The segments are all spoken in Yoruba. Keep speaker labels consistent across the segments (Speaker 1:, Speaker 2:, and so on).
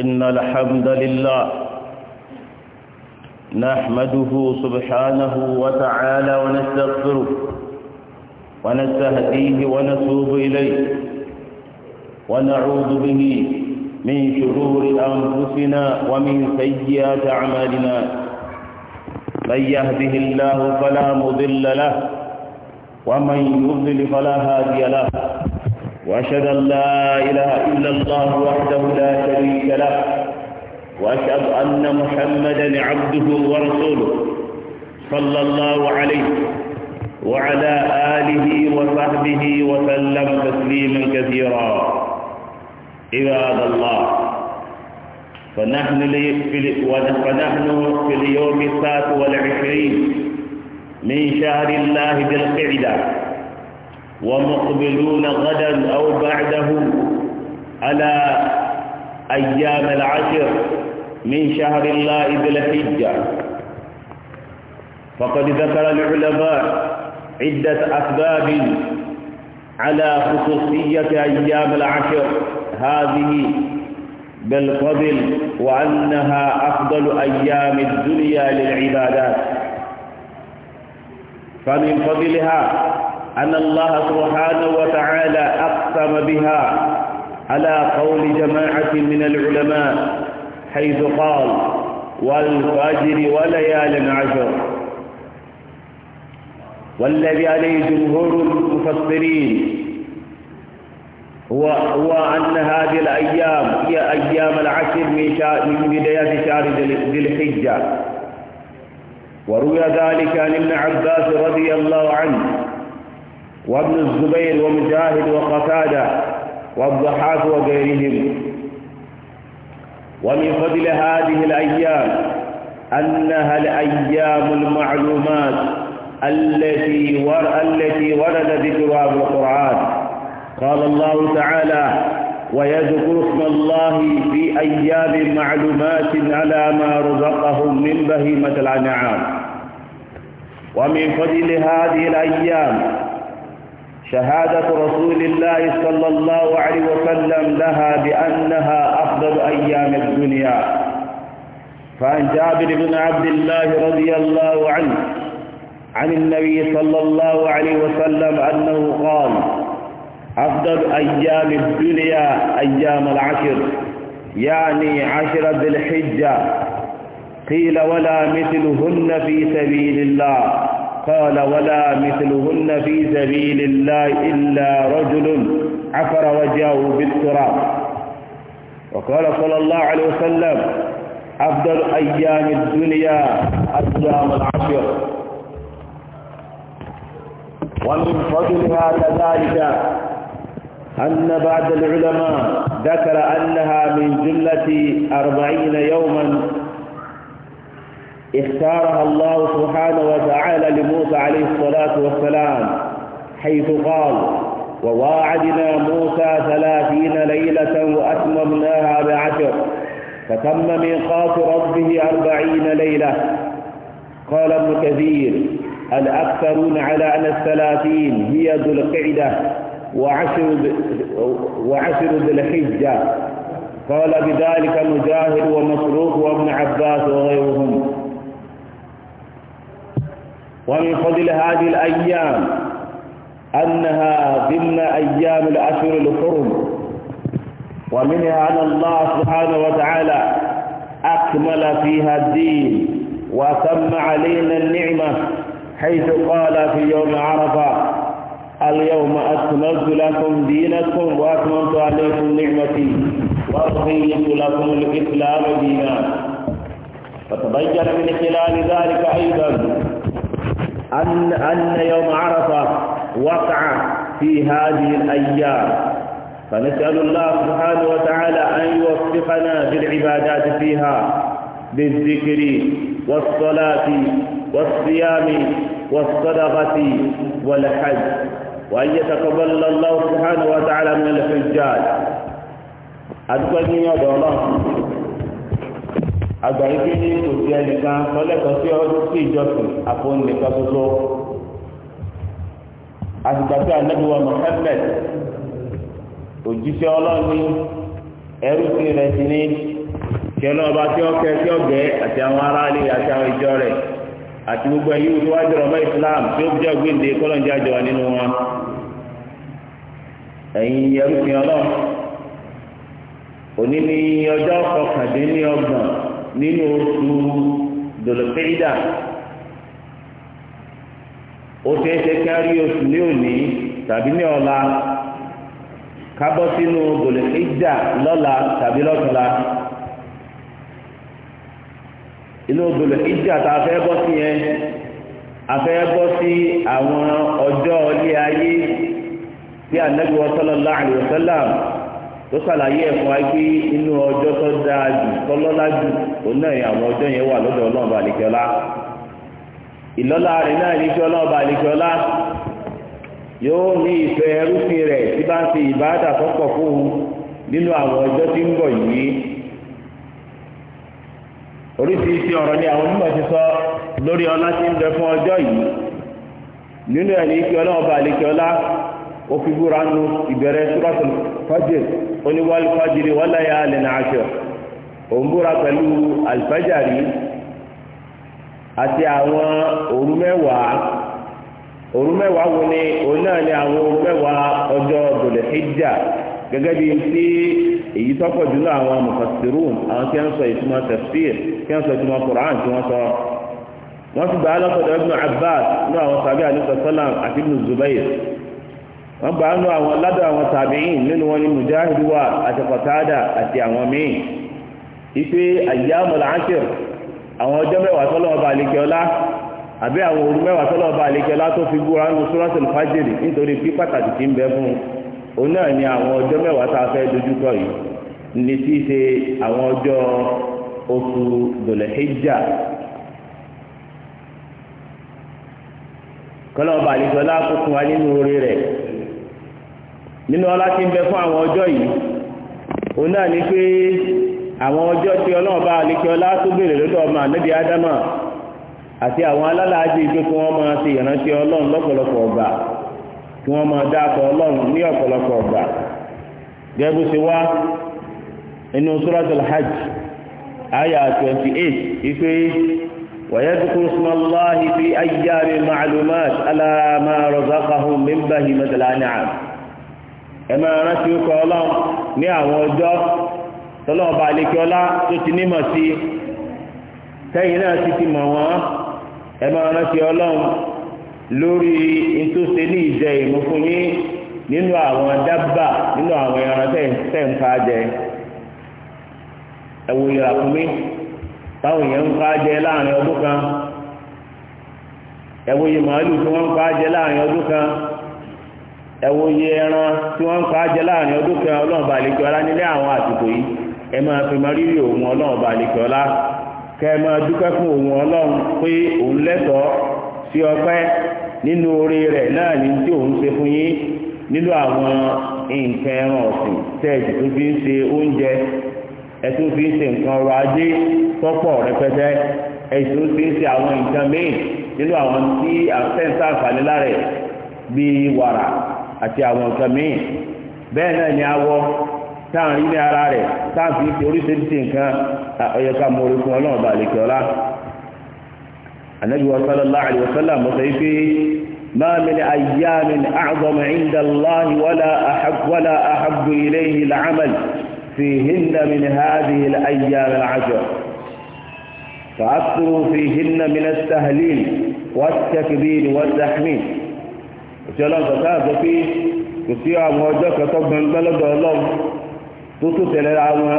Speaker 1: إن الحمد لله نحمده سبحانه وتعالى ونستغفره ونستهديه ونتوب إليه ونعوذ به من شرور أنفسنا ومن سيئات أعمالنا من يهده الله فلا مضل له ومن يضلل فلا هادي له وأشهد أن لا إله إلا الله وحده لا شريك له وأشهد أن محمدا عبده ورسوله صلى الله عليه وعلى آله وصحبه وسلم تسليما كثيرا عباد الله فنحن ونحن في اليوم السادس والعشرين من شهر الله ذي القعده ومقبلون غدا أو بعده على أيام العشر من شهر الله ذي الحجة فقد ذكر العلماء عدة أسباب على خصوصية أيام العشر هذه بل قبل وأنها أفضل أيام الدنيا للعبادات فمن فضلها أن الله سبحانه وتعالى أقسم بها على قول جماعة من العلماء حيث قال والفجر وليال عشر والذي عليه جمهور المفسرين هو, هو أن هذه الأيام هي أيام العشر من, من بداية شهر ذي الحجة وروي ذلك عن ابن عباس رضي الله عنه وابن الزبير ومجاهد وقتادة والضحاك وغيرهم ومن فضل هذه الأيام أنها الأيام المعلومات التي التي ورد ذكرها في القرآن قال الله تعالى ويذكر اسم الله في أيام معلومات على ما رزقهم من بهيمة الأنعام ومن فضل هذه الأيام شهادة رسول الله صلى الله عليه وسلم لها بأنها أفضل أيام الدنيا فعن جابر بن عبد الله رضي الله عنه عن النبي صلى الله عليه وسلم أنه قال أفضل أيام الدنيا أيام العشر يعني عشر ذي الحجة قيل ولا مثلهن في سبيل الله قال ولا مثلهن في سبيل الله إلا رجل عفر وجهه بالتراب وقال صلى الله عليه وسلم أفضل أيام الدنيا أيام العشر ومن فضلها كذلك
Speaker 2: أن بعض العلماء ذكر
Speaker 1: أنها من جملة أربعين يوما اختارها الله سبحانه وتعالى لموسى عليه الصلاة والسلام حيث قال وواعدنا موسى ثلاثين ليلة وأتممناها بعشر فتم ميقات ربه أربعين ليلة قال ابن كثير الأكثرون على أن الثلاثين هي ذو القعدة وعشر وعشر ذي الحجة قال بذلك مجاهد ومسروق وابن عباس وغيرهم ومن فضل هذه الأيام أنها ضمن أيام الأشهر الحرم ومنها أن الله سبحانه وتعالى أكمل فيها الدين وأتم علينا النعمة حيث قال في يوم عرفة اليوم أكملت لكم دينكم وأكملت عليكم نعمتي ورضيت لكم الإسلام دينا فتبين من خلال ذلك أيضا أن, أن يوم عرفة وقع في هذه الأيام فنسأل الله سبحانه وتعالى أن يوفقنا بالعبادات فيها بالذكر والصلاة والصيام والصدقة والحج وأن يتقبل الله سبحانه وتعالى من الحجاج أدخلني يا الله àgbáyé pé ní kò sí ẹnìkan lọ́lẹ́kọ̀ọ́ sí ọdún sí ìjọsìn àfọ̀nìkan ṣoṣo àtìgbàtí ànábìwọ̀ Muhammad òjíṣẹ́ ọlọ́ọ̀ni ẹrú sí rẹ̀ sí ní kí ọlọ́ọ̀bá tí ó tí ó àti àwọn aráàlú àti àwọn ìjọ rẹ̀ àti gbogbo ẹ̀yí tó wá jọrọ̀ mọ́ Islam tí ó jẹ́ jọ nínú wọn nínú oṣù dòlòpéìdà ó ṣeé ṣe kárí oṣù ní òní tàbí ní ọ̀la kábọ́ sínú dòlòpéìdà lọ́la tàbí lọ́tọ̀la inú dòlòpéìdà tá a fẹ́ bọ́ sí yẹn a fẹ́ bọ́ sí àwọn ọjọ́ ilé ayé tí Ànábì tó ṣàlàyé ẹ̀fọ́ wa inú ọjọ́ tó dáa jù tọ́lọ́lá jù òun náà yẹn àwọn ọjọ́ yẹn wà lọ́dọ̀ ọlọ́run bá ìlọ́lá rẹ̀ náà ní kí ọlọ́run bá yóò ní ìfẹ́ rẹ̀ tí bá ń fi nínú àwọn ọjọ́ tí ń bọ̀ yìí oríṣiríṣi ọ̀rọ̀ ni àwọn onímọ̀ ti sọ lórí ọlá o fi búra nu ìbẹ̀rẹ̀ suratul fajr ó ní wal fajri wa layalin ashr òun búra pẹ̀lú alfajari àti àwọn òru mẹ́wàá òru mẹ́wàá wo ni òun náà ni àwọn òru mẹ́wàá ọjọ́ hijja gẹ́gẹ́ bí ti èyí tọ́pọ̀ jùlọ àwọn mufassirun àwọn tí wọ́n sọ ìtumọ̀ tí wọ́n sọ ìtumọ̀ tí wọ́n sọ wọ́n ti gbà á Abbas ní àwọn sàbí wọ́n gbà ánú àwọn ládọ̀ àwọn tàbíìn nínú wọn ni mujahid wà àti àti àwọn míì ipe ayyamul ashir àwọn ọjọ́ mẹ́wàá tọ́lọ́ ọba àbí àwọn ọba tó fi nítorí pí pàtàkì bẹ fún un náà ni àwọn ọjọ́ mẹ́wàá tá a fẹ́ dojúkọ yìí ní nínú ọlá tí ń bẹ fún àwọn ọjọ́ yìí òun náà ni pé àwọn ọjọ́ tí ọlọ́run bá tó béèrè lọ́dọ̀ ọmọ ànábì ádámà àti àwọn alálàájì ìgbé kí wọ́n máa ìrántí ọlọ́run lọ́pọ̀lọpọ̀ kí wọ́n máa dáàbọ̀ ọlọ́run ní ọ̀pọ̀lọpọ̀ ọgbà gẹ́gẹ́ ṣe wá inú hajj twenty eight ife fi ma razaqahum min ẹ máa rántí orúkọ ọlọ́run ní àwọn ọjọ́ tọ́lọ́ọ̀bà àlekíọ́lá tó ti nímọ̀ sí tẹ́yìn náà sì ti mọ̀ wọ́n ẹ máa rántí ọlọ́run lórí ntòsí ní ìjẹ ìmú fún yín nínú àwọn dábà nínú àwọn ẹran tẹ̀ ń fa jẹ ẹ wòye àkúmí táwọn èèyàn ń fa jẹ láàrin ọdún kan ẹ wòye màálù tí wọ́n ń fa jẹ láàrin ọdún kan ẹ̀wọ̀ iye ẹran tí wọ́n ń pa jẹ láàrin ọdún kan ọlọ́run bá àlejò ọlá nílé àwọn àsìkò yìí ẹ máa fi mọ rírì òun ọlọ́run bá àlejò ọlá kẹ ẹ máa dúpẹ́ fún òun ọlọ́run pé òun lẹ́tọ̀ọ́ sí ọpẹ́ nínú oore rẹ̀ náà ní tí òun ṣe fún yín nínú àwọn nǹkan ẹran ọ̀sìn tẹ́ẹ̀sì tó fi ń ṣe oúnjẹ ẹ̀tún fi ń ṣe nǹkan ọrọ̀ ajé tọ́pọ̀ rẹpẹtẹ ẹ̀tún fi ń ṣe àwọn nǹkan míì nínú àwọn tí àfẹ́ǹsà àǹfààní lára bíi wàrà àti àwọn nǹkan míì bẹ́ẹ̀ náà ni awọ táwọn ilé ara rẹ̀ táwọn fi ṣe oríṣiríṣi nǹkan ọ̀yẹ̀ká mọ̀ọ́rẹ́ fún ọlọ́run bá lè kíọ́lá
Speaker 2: anabi wa sallallahu mọ̀tọ́ yìí
Speaker 1: pé máa mi ni ayyámi àgbọ̀mọ̀ inda Allahi wàlá ahabbu ilayhi làámàlì فيهن من هذه الأيام العشر فأكثروا فيهن من التهليل والتكبير والتحميد òṣìṣẹ́ ọlọ́run sọ sáà sọ pé kò sí àwọn ọjọ́ kan tó gbọ̀ngbọ́n ọlọ́run tó tó tẹ̀lé ra wọn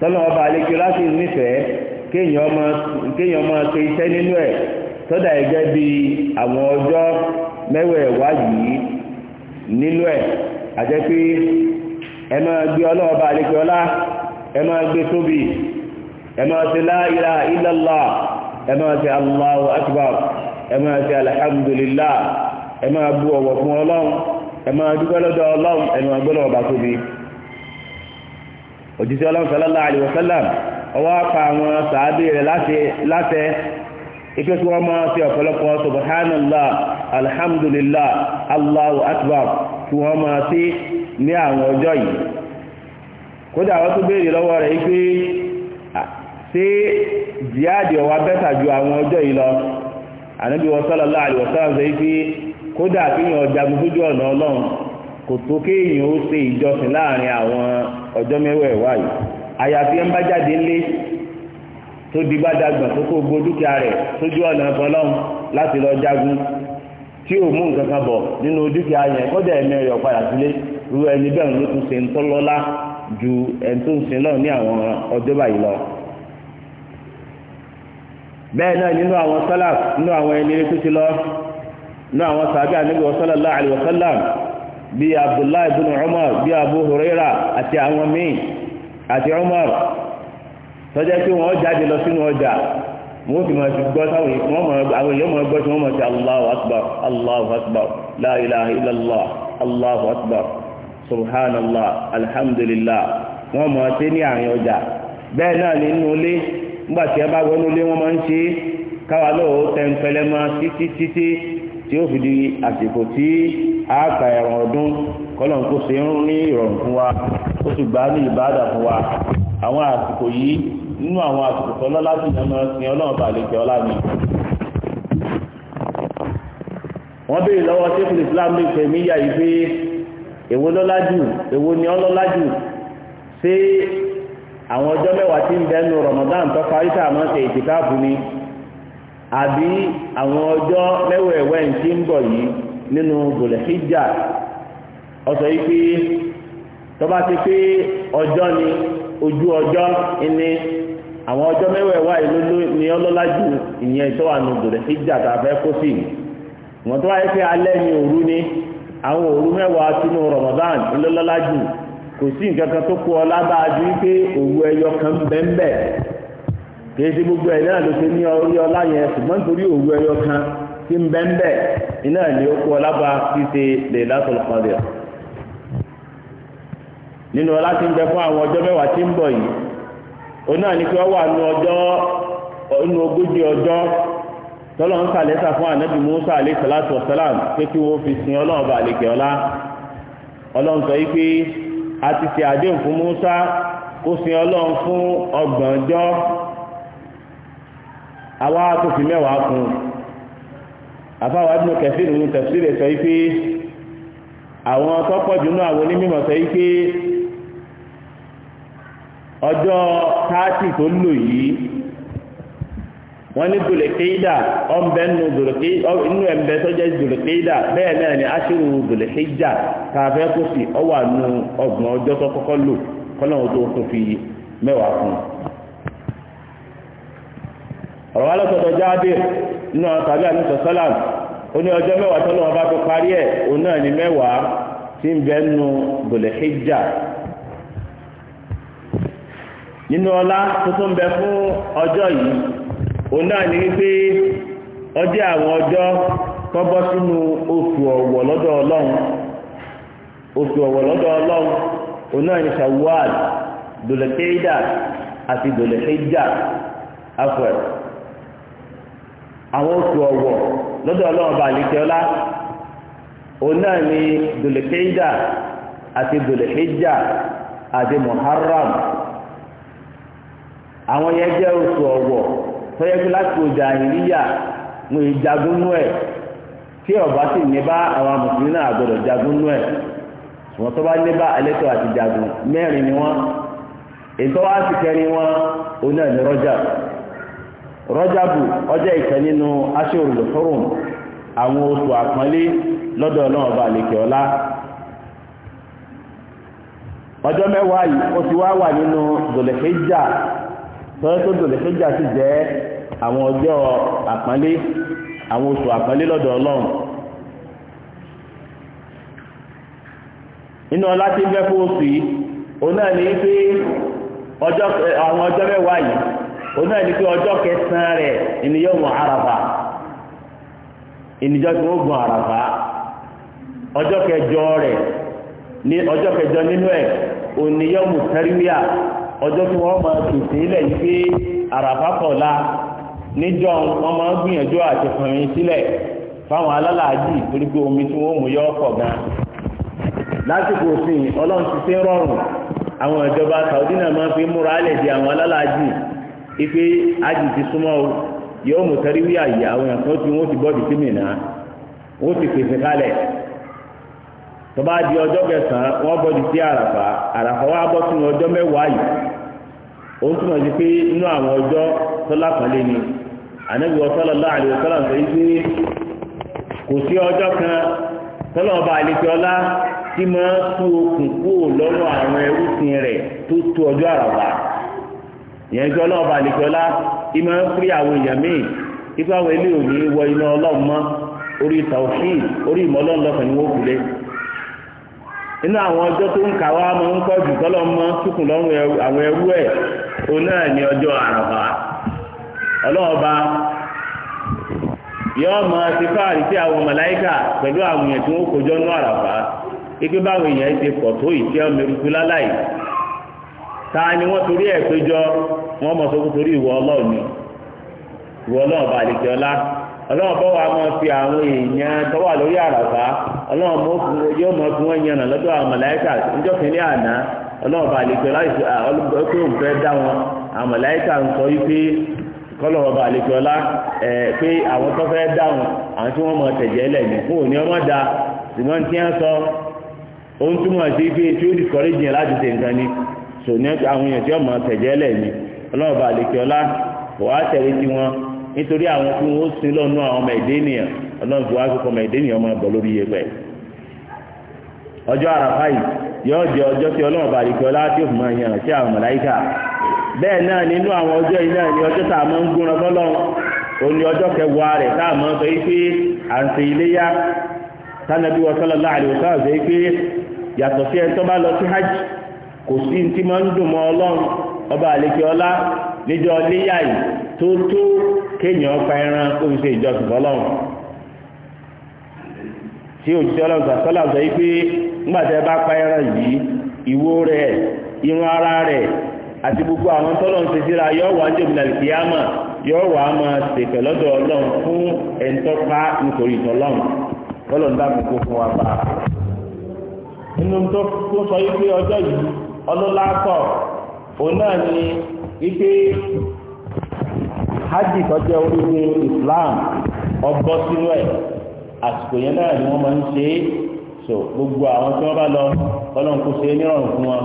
Speaker 1: tọ́lọ́ ọba àlekí láti nífẹ̀ẹ́ kéèyàn máa ṣe iṣẹ́ nínú ẹ̀ tọ́dà ẹ̀jẹ̀ bí àwọn ọjọ́ nínú ẹ̀ ẹ máa bú ọwọ̀ fún ọlọ́run ẹ máa dúpẹ́ lọ́dọ̀ ọlọ́run ẹnu agbọ́dọ̀ ọba tóbi òjíṣẹ́ ọlọ́run sallallahu alaihi wasallam ọwọ́ apá àwọn sàábì rẹ̀ látẹ ike tí wọ́n máa fi ọ̀pọ̀lọpọ̀ subhanallah alhamdulillah allahu akbar tí wọ́n máa fi ní àwọn
Speaker 2: ju
Speaker 1: àwọn ọjọ́ yìí lọ ànábì sallallahu alaihi kódà kéèyàn ọ̀jagun sójú ọ̀nà ọlọ́run kò tó kéèyàn ó ṣe ìjọsìn láàrin àwọn ọjọ́ mẹ́wẹ̀ẹ̀wá yìí àyàfi ẹ̀ ń bá jáde ńlé tó di gbàdàgbọ̀n tó kó gbó dúkìá rẹ̀ sójú ọ̀nà ọlọ́run láti lọ jagun tí ò mú nǹkan kan bọ̀ nínú dúkìá yẹn kódà ẹ̀mí rẹ̀ ọ̀padà sílé ru ẹni bẹ́ẹ̀ ló tún ṣe ń tọ́lọ́lá ju ẹni tó ń sin náà ní àwọn ọjọ́ báyìí lọ bẹ́ẹ̀ náà nínú àwọn sálà nínú àwọn ẹni tó ti lọ ní àwọn sàbí ànábì sallallahu alaihi wasallam bíi abdullahi ibn umar bíi abu huraira àti àwọn míì àti umar tọ́jẹ́ pé wọ́n jáde lọ sínú ọjà wọ́n fi máa ti gbọ́ sáwọn àwọn èèyàn máa gbọ́ tí wọ́n máa ti allahu akbar allahu akbar la ilaha illallah allahu akbar subhanallah alhamdulillah wọ́n máa ti ní àárín ọjà bẹ́ẹ̀ náà nínú ilé nígbà tí ẹ bá wọnú ilé wọ́n máa ń ṣe káwa lóò tẹ̀ǹpẹ̀lẹ́ máa títí títí tí ó fi di àsìkò tí a kà ẹ̀rọ ọdún kọ́lọ̀ kó ṣe ń ní ìrọ̀rùn fún wa ó sì gbà ní ìbáàdà fún wa àwọn àsìkò yìí nínú àwọn àsìkò tọ́lọ́ láti yànnà sin ọlọ́run balẹ̀ kẹ́ ọlá ni. wọ́n béèrè lọ́wọ́ ṣéfù Islam lè fẹ́ mí yà yìí pé èwo lọ́lá jù èwo ni ọlọ́lá jù ṣé àwọn ọjọ́ mẹ́wàá tí ń bẹ́nu Ramadan tó parí a máa ń ṣe àbí àwọn ọjọ́ mẹ́wẹ̀ẹ̀wẹ̀ tí ń bọ̀ yìí nínú gòlẹ́híjà ọ̀sọ̀ yìí pé ti pé ọjọ́ ni ojú ọjọ́ ni àwọn ọjọ́ mẹ́wẹ̀ẹ̀wá ni ọlọ́lá ìyẹn tó wà nù gòlẹ́híjà tá kó sí wọ́n tó ni òru ni àwọn òru Ramadan ńlọ́lá jù kò sí nǹkan kan tó kú ọ ju wípé òru ẹyọ kan bẹ́ẹ̀ kèéṣe gbogbo ẹ̀ náà ló ṣe ní orí ọlá yẹn ṣùgbọ́n nítorí òwú ẹyọ kan tí ń bẹ́ ń bẹ́ iná ni ó kú ọlábà kí ṣe lè Lailatul nínú ọlá tí ń bẹ fún àwọn ọjọ́ mẹ́wàá tí ń bọ̀ yìí
Speaker 2: òun náà ni pé ó wà ọjọ́ ogójì ọjọ́ tọ́lọ́ fún ànábì Musa kí wọ́n fi
Speaker 1: sin ọlọ́run sọ yìí pé a ti ṣe àdéhùn fún Musa kó sin fún ọgbọ̀n ọjọ́ àwa tó fi mẹ́wàá kún àfáwà Ibn Kathir nínú tafsir rẹ̀ sọ wípé àwọn tọ́pọ̀ jùlọ àwọn onímọ̀ sọ wípé ọjọ́ táàtì tó lò yìí wọ́n ní dòlèkéídà ọ̀nbẹ́ nù ẹ̀mbẹ́ tó jẹ́ bẹ́ẹ̀ náà ni aṣírù káfẹ́ kó sì ọgbọ̀n ọjọ́ tó kọ́kọ́ lò kọ́nà tó fi mẹ́wàá fún un ọ̀rọ̀ wa lọ́sọ̀tọ̀ Jábìr nínú àwọn tàbí ó ní ọjọ́ mẹ́wàá tó bá parí ẹ̀ òun náà ní mẹ́wàá tí ń bẹ nu gbòlè hijja nínú ọlá tuntun bẹ fún ọjọ́ yìí òun náà ní wípé ọjọ́ àwọn ọjọ́ bọ́ sínú oṣù ọ̀wọ̀ lọ́dọ̀ Ọlọ́run oṣù ọ̀wọ̀ lọ́dọ̀ Ọlọ́run òun náà ní gbòlè àti gbòlè àwọn oṣù ọ̀wọ̀ lọ́dọ̀ ọlọ́run bá àlejò náà ni dòlèkéjà àti dòlèkéjà àti àwọn yẹ jẹ́ oṣù ọ̀wọ̀ tó yẹ kí láti ojà ìníyà wọn ì ẹ̀ tí ọba sì ní bá àwọn mùsùlùmí náà gbọdọ̀ ẹ̀ tó bá ní rọ́jàbù ọjọ́ ìkẹ́ nínú aṣọ́rùlù fọ́rùn àwọn oṣù àpọ́nlé lọ́dọ̀ náà bá lè kẹ́ ọlá ọjọ́ mẹ́wàá yìí ó ti wá wà nínú dòlẹ̀kẹ́jà tọ́lẹ́ tó dòlẹ̀kẹ́jà sì jẹ́ àwọn ọjọ́ àpọ́nlé àwọn onu náà ní pé ọjọ́ kẹsàn-án rẹ̀ ènìyàn mọ̀ àràfà ènìjọ́ tí wọ́n gun àràfà ọjọ́ kẹjọ rẹ̀ ní ọjọ́ kẹjọ nínú ẹ̀ ònìyàn mọ̀ tẹ́ríwíà ọjọ́ tí wọ́n máa tètè ilẹ̀ yìí pé kọ̀ọ̀la níjọ́ wọn máa gbìyànjú àti fọyín sílẹ̀ fáwọn alálàájì torí omi tí wọ́n mú yọ ọkọ̀ gan lásìkò si, ọlọ́run ti ṣe rọrùn àwọn ìjọba Saudi fi múra di àwọn alálàájì ife ájì ti súnmọ́ o yóò mú tẹ́ríwí àyè àwọn tí wọ́n ti bọ́ọ̀dì sí mìíràn wọ́n ti pèsè kalẹ̀ tó bá di ọjọ́ kẹsàn-án wọ́n bọ́ọ̀dì sí àràfà àràfà wa bọ́ sínú ọjọ́ mẹ́wàá yìí ó ń túmọ̀ sí pé inú àwọn ọjọ́ ni sọ pé
Speaker 2: kò sí kan
Speaker 1: tọ́lọ́ọ̀bá àlejò ọlá tí máa ń tú okùn kúrò lọ́rùn àwọn ẹrúsìn rẹ̀ tó tó ọjọ́ àràfà
Speaker 2: ìyẹn tí ọlọ́ọ̀bà àlejòọ́lá ìmọ̀ ń pírí àwọn èèyàn míì
Speaker 1: ipá àwọn ilé òní wọ iná ọlọ́run mọ́ orí tàwùsíì orí ni wọ́n kù inú àwọn ọjọ́ tó ń kà wá ń pọ̀ jù tọ́lọ́ túkùn lọ́rùn àwọn ẹrú ẹ̀ òun náà ní ọjọ́ àwọn ike báwọn èèyàn ti pọ̀ tó ọmọ eruku ta ni wọ́n torí ẹ̀ péjọ wọ́n mọ̀ sókú torí ìwọ ọlọ́run ni ìwọ ọlọ́run bá lè jẹ ọlá bọ́ wa máa fi àwọn èèyàn tó wà lórí àràfá ọlọ́run yóò mọ fún wọn yànnà lọ́dọ̀ àwọn mọ̀láyíkà níjọ́ kìíní àná bá lè jẹ ọlá fẹ́ dá wọn àwọn ń sọ wípé kọ́lọ̀ ọba àlejò ọlá ẹ̀ pé àwọn tó fẹ́ àwọn tí wọ́n tẹ̀jẹ́ so ní àwọn èèyàn tí ọmọ tẹ̀jẹ́ lẹ̀ ni ọlọ́ọ̀bà àlèkè ọlá tẹ̀lé tí wọn nítorí àwọn tí wọn sin lọ́nu àwọn ọmọ ẹ̀dẹ́ ènìyàn ọlọ́run fi wá ọmọ ẹ̀dẹ́ lórí iye pẹ̀. ọjọ́ àràfá yìí ọjọ́ tí ọlọ́ọ̀bà ọlá tí òfin máa àwọn màláíkà bẹ́ẹ̀ náà nínú àwọn ọjọ́ yìí náà ni ọjọ́ tá a máa ń gúnra bọ́lọ́run ọjọ́ kẹwàá rẹ̀ kò sí tí máa ń dùn mọ́ ọlọ́run ọba àlekè ọlá níjọ léyà yìí tó tó kéèyàn pa ẹran kó fi ṣe ìjọsìn fọlọ́run tí òjijì ọlọ́run sọ pé nígbà yìí rẹ irun ara rẹ àti gbogbo àwọn tọ́lọ̀ síra yóò wá jẹ́ òbílẹ̀ yóò wá ṣèpẹ̀ lọ́dọ̀ ọlọ́run fún ẹ̀ńtọ́pá nítorí ìtọ́lọ́run fún wa bá a. nínú tó sọ ọlọ́lá pọ̀ òun náà ni wípé hajj tọ́jú orílẹ̀ Islam ọgbọ́ sínú ẹ̀ àsìkò yẹn náà ni wọ́n máa ń ṣe é so gbogbo àwọn tí wọ́n bá lọ ọlọ́run kò ṣe é nírọ̀rùn fún wọn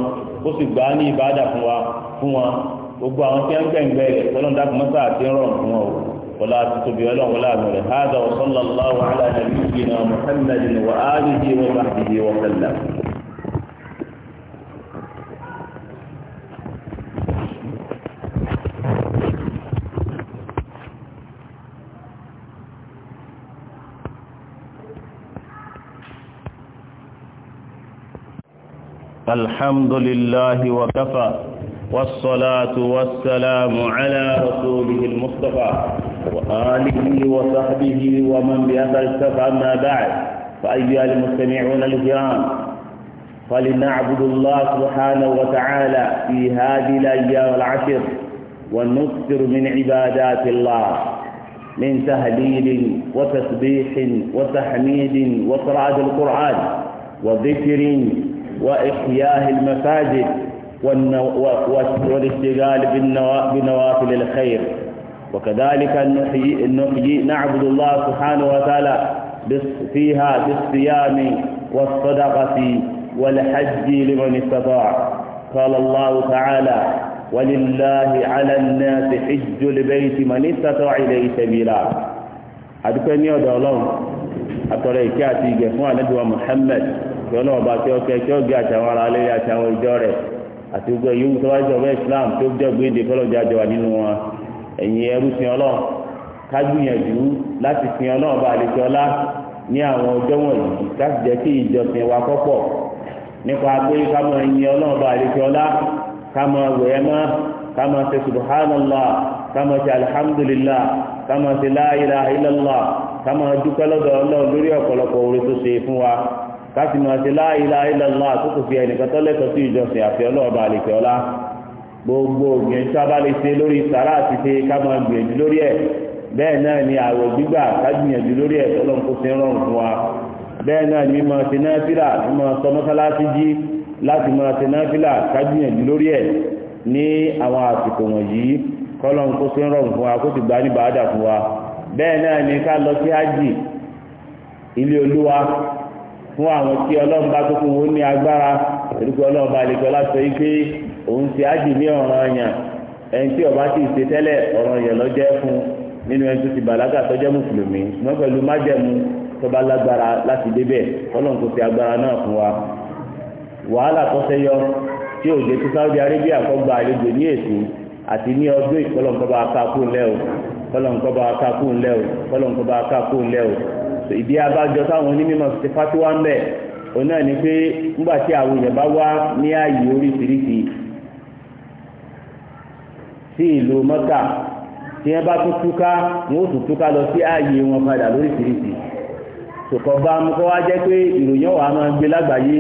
Speaker 1: ó sì gbà á ní ìbáàdà fún wa fún wọn gbogbo àwọn tí wọ́n gbẹ̀ngbẹ̀ rẹ̀ ọlọ́run dákun mọ́tà àti rọ̀rùn fún wọn o wọlá àti tóbi ọlọ́run wọlá wa sallallahu ala nabiyyina Muhammadin wa alihi wa sahbihi wa sallam. الحمد لله وكفى والصلاة والسلام على رسوله المصطفى وآله وصحبه ومن بأثر استفى أما بعد فأيها المستمعون الكرام فلنعبد الله سبحانه وتعالى في هذه الأيام العشر ونكثر من عبادات الله من تهليل وتسبيح وتحميد وقراءة القرآن وذكر وإحياء المساجد والاشتغال بنوافل الخير وكذلك نحيي نعبد الله سبحانه وتعالى فيها بالصيام والصدقة والحج لمن استطاع قال الله تعالى ولله على الناس حج البيت من استطاع إليه سبيلا هذا أدكني أدعو لهم أتريكاتي جفوان أدوى محمد kí ọlọ́run bá tí ó kẹ tí ó gé àtàwọn ará lé àtàwọn ìjọ rẹ̀ àti gbogbo èyí wù tó wá Islam tó jọ gbéde kọ́lọ́jà jọ wà nínú wọn ẹ̀yin ẹrú sin ọlọ́run ká gbìyànjú láti sin ọlọ́run bá àlejò ọlá ní àwọn ọjọ́ wọ̀nyí ká sì jẹ́ kí ìjọsìn wa kọ́pọ̀ nípa pé ká mọ ẹyin ọlọ́run bá àlejò ọlá ká mọ wẹ̀ẹ́ mọ́ ká mọ ṣe subhanallah ká mọ ṣe alhamdulillah ká mọ ṣe la ilaha illallah ká mọ dúpẹ́ lọ́dọ̀ ọlọ́run lórí ọ̀pọ̀lọpọ̀ oore tó ṣe fún wa káfí máa ṣe la ilaha illallah àkókò fi ẹnìkan tó lẹ́tọ̀ọ́ sí ìjọsìn àfi ọlọ́ọ̀bà àlèkè ọlá gbogbo gbìyànjú abálẹ̀ ṣe lórí sàrà àti ṣe ká máa gbìyànjú lórí ẹ̀ bẹ́ẹ̀ náà ni àwẹ̀ gbígbà ká gbìyànjú lórí ẹ̀ tọ́lọ́ kó fi rọrùn fún wa bẹ́ẹ̀ náà ni mímọ ṣe náà fílà mímọ sọ mọ́sálásí jí láti mọ ṣe náà fílà ká lórí ẹ̀ ní àwọn àsìkò wọ̀nyí kọ́lọ́ kó fi rọrùn fún wa kó sì gbá ní bàádà fún wa bẹ́ẹ̀ náà ni ká lọ sí ájì ilé olúwa fún àwọn tí ọlọ́run bá tó fún wọn ní agbára torí pé ọlọ́run bá lè gbọ́ sọ yìí pé òun ti ájì ní ọ̀ràn àyàn ẹni tí ti ṣe tẹ́lẹ̀ ọ̀ràn fún nínú ẹni tó ti bàlágà tó mùsùlùmí ṣùgbọ́n pẹ̀lú májẹ̀mú tó lágbára fi agbára náà fún wa wàhálà tó tí oge tó Saudi Arabia kọ́ gba àlejò ní èsì àti ní ọdún ìkọlọ́nkọ́ba ìdí abájọ táwọn onímọ̀ ti fatiwa ń bẹ̀ òun náà ni pé nígbà tí àwọn èèyàn bá wá ní ààyè oríṣiríṣi sí ìlú mọ́tà tí wọ́n bá tún túká wọ́n ó tún túká lọ sí ààyè wọn padà lóríṣiríṣi sòkò bá mú kó wá jẹ́ pé ìròyìn ọ̀wà máa gbé lágbàáyé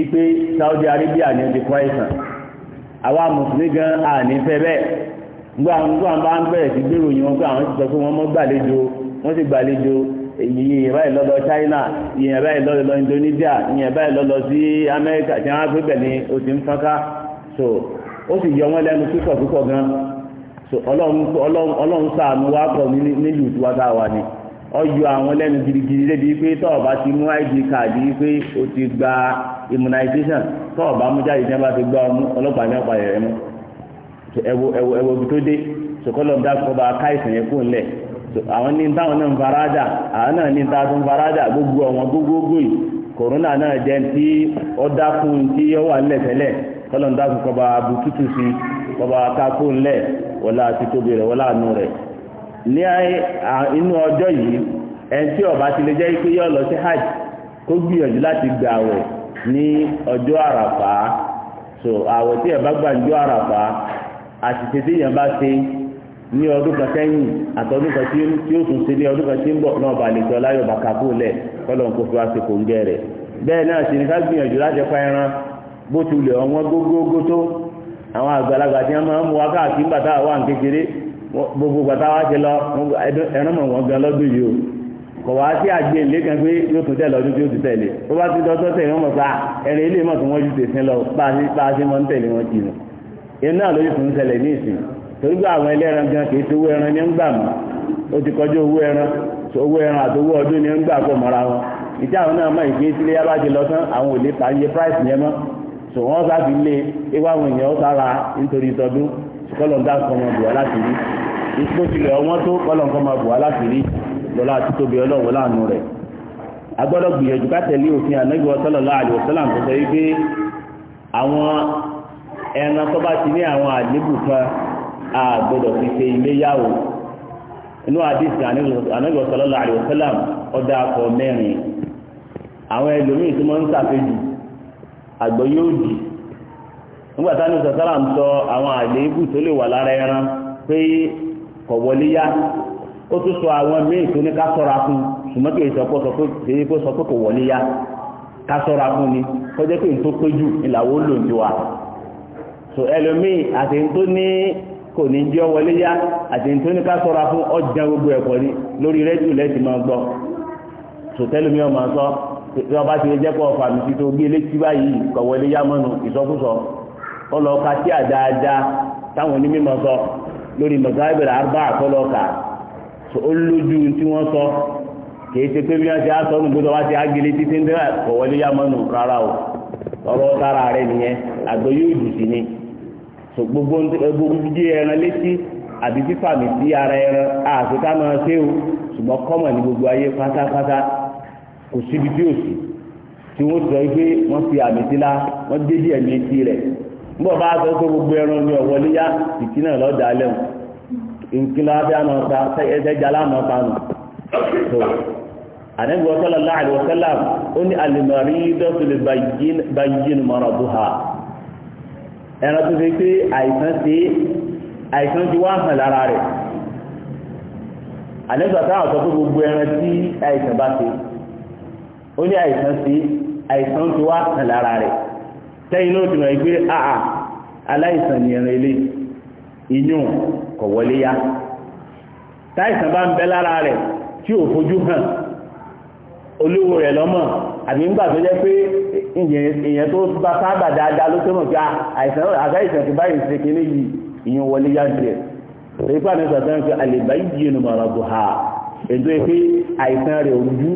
Speaker 1: ipe Saudi Arabia ní ti kọ́ ẹ̀sán àwa mùsùlùmí gan àní fẹ́ bẹ́ẹ̀ gbọ́ àwọn gbọ́ àwọn bá ń bẹ̀rẹ̀ sí gbèròyìn wọn pé àwọn ti sọ pé wọ́n mọ́ gbàlejò wọ́n ti gbàlejò ìyẹn báyìí lọ China ìyẹn báyìí lọ lọ Indonesia ìyẹn báyìí lọ sí Amẹ́ríkà tí wọ́n á gbé bẹ̀lẹ́ o ti ń fọ́nká so ó sì yọ wọ́n lẹ́nu púpọ̀ púpọ̀ gan so ọlọ́run wa pọ̀ nílùú a wà ní ọyọ àwọn lẹ́nu gidigidi débi pé ti mú id card yìí o ti gba immunization mú jáde ní ti ọmú ọlọ́pàá ní ẹ̀rẹ́ mú ẹwọ ẹwọ ẹwọ ibi tó dé káìsàn yẹn àwọn ní táwọn náà ń farajà àwọn náà ní ta tó ń farajà gbogbo ọ̀wọ́n gbogbogbò yìí kòrónà náà jẹ́ tí ó dákun tí ó wà nílẹ̀ tẹ́lẹ̀ kọ́lọ̀ ń dákun kọba abu tútù sí kọba kákó ńlẹ̀ wọlá àti tóbi rẹ̀ wọlá àánú rẹ̀ ní inú ọjọ́ yìí ẹni tí ó ti lè jẹ́ pé yóò lọ sí hajj kó gbìyànjú láti gbà àwẹ̀ ní ọjọ́ àràfà so àwẹ̀ tí ẹ̀ bá gbà ní ọjọ́ àràfà àtìsẹ́ tí èèyàn bá ṣe ní ọdún kan sẹ́yìn àtọ́dún kan tí ó tún ṣe ní ọdún kan tí ń bọ̀ náà bá lè jọ láyọ̀ bàkà kó lẹ̀ kọ́lọ́n kó fi wá sí kòńgẹ́ rẹ̀ bẹ́ẹ̀ náà sì ní ká gbìyànjú láti pa ẹran bó ti lè ọ̀wọ́n gógógó tó àwọn àgbàlagbà tí wọ́n máa ń mú wa káàkiri ń bàtà wà ń kékeré gbogbo gbàtà wá ti lọ ẹran mọ̀ wọ́n gan lọ́dún yìí o kò wá sí àgbè ilé kan pé yóò tún tẹ̀lé ọdún tí ó ti tẹ̀lé tó bá ti dọ́tọ́ tẹ̀lé wọn mọ̀ pa ah, ẹ̀rẹ̀ ilé mọ̀ tí wọ́n ju tèsín lọ bá a ṣe mọ́ ń tẹ̀lé wọn jìnnà iná lójú tó ń ṣẹlẹ̀ ní ìsìn torí pé àwọn ẹlẹ́ran gan kìí ṣe owó ẹran ní ń gbà mọ́ ó ti kọjú owó ẹran owó ẹran àti owó ọdún ní ń gbà pọ̀ mọ́ra wọn ìjà àwọn náà mọ̀ ìpín sílé yá bá ti lọ tán àwọn ò lè pa iye price yẹn mọ́ so wọ́n sá fi lé ewa àwọn èèyàn ó sára nítorí ìtọ́dún kọ́lọ̀ ń dá nǹkan ọmọ bùhá láti rí ipò tilẹ̀ ọwọ́n tó kọ́lọ̀ nǹkan ọmọ bùhá láti rí lọ́la àti tóbi ọlọ́wọ́ láàánú rẹ̀ agbọ́dọ̀ gbìyànjú ká tẹ̀lé òfin ànágbé sallallahu alaihi wasallam sọ wípé àwọn ẹran tó bá ti ní àwọn àlébù kan a gbọ́dọ̀ fi ṣe iléyàwó inú àdìsí anábìyọ sallallahu alaihi wasallam ọdọ akọ mẹ́rin àwọn ẹlòmíì tí wọn ń ṣàfihàn àgbọ yóò dì nígbà táwọn ní sọsọlá ń sọ àwọn àléébù tó lè wà lára ẹran pé kò wọlé yá ó tún sọ àwọn míì tó ní ká ṣọ́ra fún ṣùgbọ́n kì í sọ pé kò wọlé yá ká ṣọ́ra fún ni kọjá pé n tó péjú ìlàwó lòdì so ẹlòmíì àti n tó ní kò ní jẹ́ wọlé yá àti tó ní ká sọ́ra fún ọjà gbogbo ẹ̀kọ́ ni lórí rédíò lẹ́sìn máa gbọ́ sòtẹ́lù mi ò máa sọ tí ọba ti lè jẹ́ pọ̀ fà mí títí ogé létí báyìí kọ̀ wọlé yá mọ́nu ìsọkúsọ ọlọ́ọ̀ka tí àdáadá táwọn onímọ̀ sọ lórí mọ̀sáìbẹ̀rẹ̀ àrùbá àkọlọ́ọ̀ka olójú tí wọ́n sọ kì í ṣe pé bí wọ́n ti sọ nù gbọ́dọ̀ wá ti ágilé títí ń dẹ́rẹ́ kọ̀ wọlé yá mọ́nu rárá o ọ̀rọ̀ so gbogbo gbogbo jíjẹ ẹran létí àbí fífàmì sí ara ẹran àfikà máa ṣe o ṣùgbọ́n kọ́mọ̀ ní gbogbo ayé pátápátá kò síbi tí ò sí tí wọ́n sọ pé wọ́n fi àmì sí la wọ́n dé díẹ̀ ní etí rẹ̀ nígbà bá sọ pé gbogbo ẹran mi ọ̀wọ́ léyà ìtì náà lọ́ọ́ dálẹ̀ o nkìlọ̀ abẹ́ àmọ́ ta ẹsẹ̀ jalá àmọ́ ta nù so ànábì sallallahu alaihi wasallam ó ní àlèmọ̀rí ẹran tó fi pé àìsàn sí àìsàn ti wá hàn lára rẹ̀ àlẹ́gbà táwọn sọ pé gbogbo ẹran tí àìsàn bá ṣe ó ní àìsàn sí àìsàn ti wá hàn lára rẹ̀ tẹ́yìn náà ti mọ̀ pé àà aláìsàn ni ẹran ilé inú kò wọlé yá táìsàn bá ń bẹ lára rẹ̀ tí ò fojú hàn olówó rẹ̀ lọ́mọ̀ àbí ńgbà tó jẹ́ pé èèyàn tó bá sábà dáadáa ló tó mọ̀ pé ah, àìsàn àgbà ìsàn ti báyìí ṣe kí ní yìí ìyẹn wọlé yá jẹ èyí pàdé sọ̀tàn pé àlèbá yìí yẹnu mọ̀ràn bò ha ètò ìpè àìsàn rẹ̀ ojú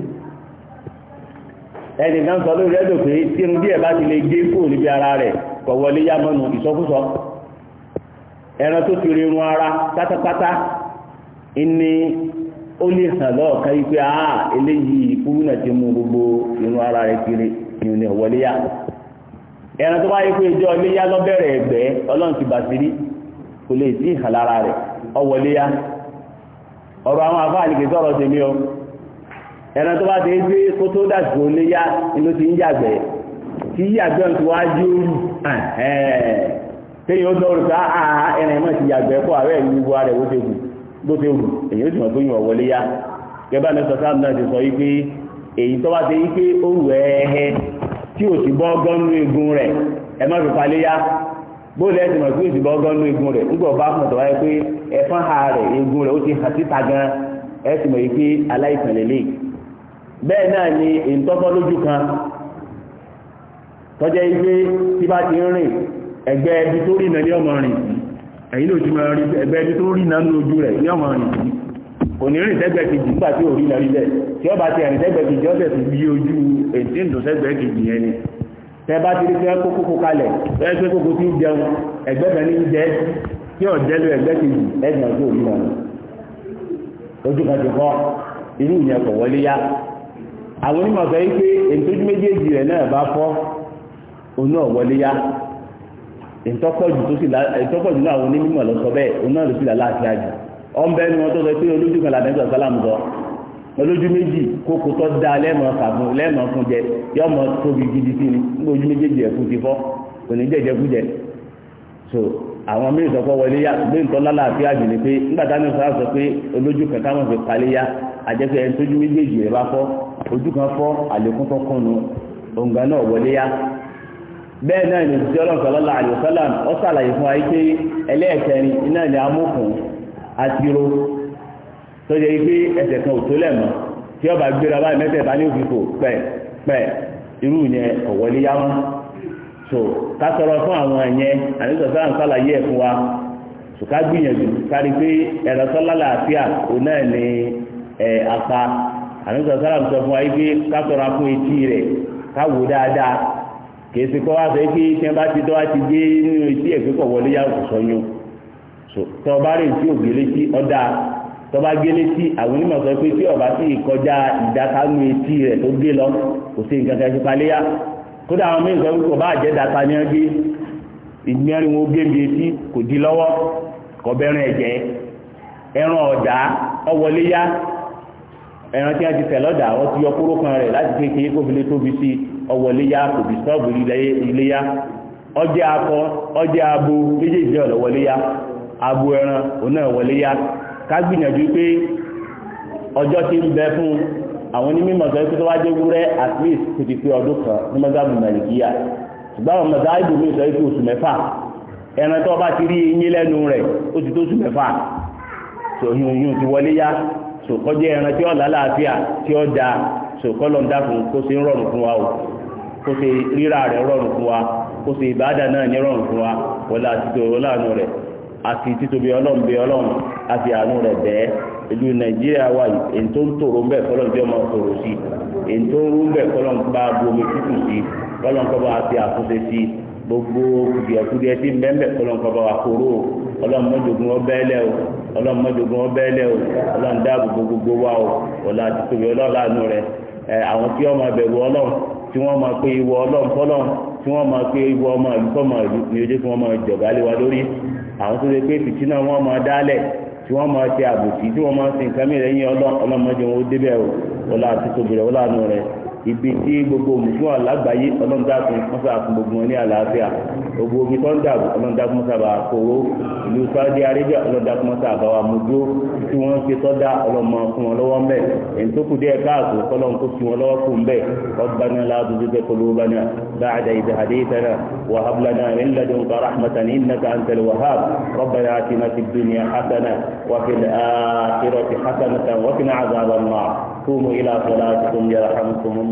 Speaker 1: ẹnìkan sọ lórí ẹ̀dọ̀ pé tínú díẹ̀ bá ti lè gé kúrò níbi ara rẹ̀ kọ̀ wọlé yá mọ́nu ìsọkúsọ ẹran tó ti rí irun ara pátápátá ìní ó lè hàn lọ́ọ̀kan ka pé ah eléyìí kúrú náà gbogbo inú ara rẹ̀ kiri ìrìn ní ìwọlé yá ẹran tó bá yẹ pé ìjọ ilé yá lọ́bẹ̀rẹ̀ ẹ̀gbẹ́ ọlọ́run ti bàtírí kò lè sí ìhàn lára rẹ̀ ọwọlé yá ọ̀rọ̀ àwọn afáàlì sọ̀rọ̀ sí mi o ẹran tó bá ti gbé kó tó yá inú ti ń yàgbẹ́ yàgbẹ́ ń bó ti wù èyí ó ti mọ̀ pé yìnbọn wọlé yá gẹ́gẹ́ bá ní sọ sáà náà ti sọ wípé èyí tó bá ti yí pé ó wù ẹ́ẹ́hẹ́ tí ò sì bọ́ gọ́nú egun rẹ̀ ẹ má fi palé yá bóòlù ẹ̀ sì mọ̀ pé ò sì bọ́ gọ́nú egun rẹ̀ nígbà ọba fún ọ̀tọ̀ wáyé pé ẹ̀fọn ha rẹ̀ egun rẹ̀ ó ti hàn síta gan ẹ̀ sì mọ̀ yí pé aláìsàn lè lè bẹ́ẹ̀ náà ni èyí tó bọ́ lójú kan tọ́jẹ́ yí pé tí bá ti ń rìn ẹ̀gbẹ́ ibi tó rìn náà ní ọmọ rìn sí ẹ̀yìn lójú máa rí ẹgbẹ́ ẹni tó rí náà lójú rẹ̀ ní ọmọ rìn sí onírìn tẹ́gbẹ́ kejì nígbà tí ò rí lọ rí bẹ́ẹ̀ tí ọba ti ẹ̀rìn tẹ́gbẹ́ kejì ọ̀sẹ̀ ti bí ojú ètí ìdòsẹ́gbẹ́ kejì yẹn ni tẹ́ bá ti rí pé kókó kalẹ̀ ẹgbẹ́ kókó tí ń jẹun ẹgbẹ́ kan ní jẹ́ tí ọ̀jẹ́ lọ ẹgbẹ́ kejì ẹ̀gbẹ́ ojú òrí lọ ojú kan ti kọ́ inú ìyẹn kò wọlé yá àwọn onímọ̀ sọ yìí pé ètòjú méjèèjì rẹ̀ náà bá fọ́ onú ọ̀wọlé yá ìtọ́pọ̀jù tó sì ìtọ́pọ̀jù náà àwọn onímọ̀ lọ sọ bẹ́ẹ̀ òun náà ló sì láti àjù ọ̀nbẹ́ ni wọ́n tó sọ pé olójú kan làdẹ́gbẹ̀ sálàmù sọ olójú méjì kókó tó da lẹ́mọ̀ kàbùn lẹ́mọ̀ fún jẹ yọ mọ tóbi gidi sí ni nígbà ojú méjèèjì ẹ̀kú ti fọ́ kò ní jẹ́jẹ́ kú jẹ so àwọn míì sọ pé wọlé yá gbé nǹkan lálàáfíà jù ni pé nígbà táwọn sọ pé olójú kan káwọn bẹ́ẹ̀ náà ni tí ọlọ́pàá lọ́la àlùsọ́là ó sàlàyé fún wa ẹlẹ́ẹ̀kẹrin iná ni amókùn àti ro tó yẹ kan ò tó tí ọba gbéra báyìí mẹ́tẹ̀ẹ̀ta ní òfìfò pẹ̀ irú yẹn ọ̀wọ́lé so ká fún àwọn ẹ̀yẹn àlùsọ̀sọ́là sàlàyé ẹ̀ fún wa kìí ṣe kọ́ wá sọ pé tí wọ́n bá ti tọ́ wá ti gbé nínú etí ẹ̀ pé kọ̀ wọlé yá òkú sọ́yún tọ́ bá rè tí ògbé létí ọ̀dà tọ́ bá gé létí àwọn onímọ̀ sọ pé tí ọ̀bá sì kọjá ìdákanu etí rẹ̀ tó gé lọ kò sí nǹkan kan paléyà kódà àwọn míì sọ pé kò bá jẹ́ dàtà ní ọgbẹ́ ìgbẹ́rin wọn gé etí kò di lọ́wọ́ kọ̀bẹ́rin ẹ̀jẹ̀ ẹran ọ̀dà ọwọléyà ẹran tí a ti tẹ̀lọ́dà ọ ti yọ kóró kan rẹ̀ láti kékeré kó fi lè tóbi sí ọwọ́ iléyà kò sọ́ọ̀bù iléyà ọjẹ́ akọ ọjẹ́ abo méjèèjì abo ẹran òun náà wọléyà ká gbìyànjú pé ọjọ́ ti ń bẹ fún àwọn onímọ̀ sọ pé tó wúrẹ́ kan ní ṣùgbọ́n àwọn mọ̀sá sọ pé oṣù mẹ́fà ẹran tó bá ti rí lẹ́nu rẹ̀ ó ti tó oṣù mẹ́fà sòkọjẹ ẹran tí ó lálàáfíà tí ó da sòkọlọ ń dàkún kó ṣe ń rọrùn fún wa o kó ṣe rírà rẹ rọrùn fún wa kó ṣe ìbáàdà náà ní rọrùn fún wa wọlé àti tòrò láàánú rẹ àti títóbi ọlọ́run bí ọlọ́run àti àánú rẹ bẹ́ẹ̀ ìlú nàìjíríà wà yìí èyí tó ń tòrò ń bẹ̀ kọ́lọ́n bí ọmọ tòrò sí èyí tó ń rú ń bẹ̀ kọ́lọ́n bá bomi tútù sí kọ́lọ́n kọ́ bá ti àtúnṣe sí gbogbo kùdìẹ̀kùdìẹ̀ tí ń bẹ́ẹ̀ bẹ̀ kọ́lọ́n kọ́ bá wà kóró ọlọ́run mọ́jọ́gun ọbẹ̀ lẹ́ ọlọ́run mọ́jọ́gbọ́n ọbẹ̀lẹ̀ o ọlọ́run dáàbò gbogbo wa o ọ̀la ti tóbi ọlọ́run àánú rẹ àwọn tí wọ́n máa bẹ̀rù ọlọ́run tí wọ́n máa pe ìwọ ọlọ́run fọlọ́run tí wọ́n máa pe ìwọ ọmọ ìlú fọmọ ìlú ní ojú tí wọ́n máa jọ̀gá lé wa lórí àwọn tó ṣe pé fìtínà wọn máa dálẹ̀ tí wọ́n máa ṣe àbòsí tí wọ́n máa ṣe nǹkan mìíràn yín ọlọ́run mọ́jọ́gbọ́n ó débẹ̀ o ọlọ́run àti tóbi rẹ ọlọ́run àánú rẹ ibi tí gbogbo òmùsùn àlágbáyé ọlọ́ndàkùn mọ́sàkùn gbogbo wọn ní àlàáfíà gbogbo omi tó ń dàbò ọlọ́ndàkùn bá kóró ìlú Saudi Arabia ọlọ́ndàkùn mọ́sàbà wà mọ́jọ́ tí wọ́n ń ṣe tọ́da ọlọ́mọ fún wọn lọ́wọ́ mbẹ́ èyí tó kù díẹ̀ káàkó kọ́lọ́n kó fi wọn lọ́wọ́ fún mbẹ́ ọgbàna ládùúgbò bẹ́ẹ̀ kọlóbánà بعد إذا هديتنا وهب لنا من لدنك رحمة إنك أنت الوهاب ربنا آتنا في الدنيا حسنة وفي الآخرة حسنة وقنا عذاب النار قوموا إلى صلاتكم يرحمكم الله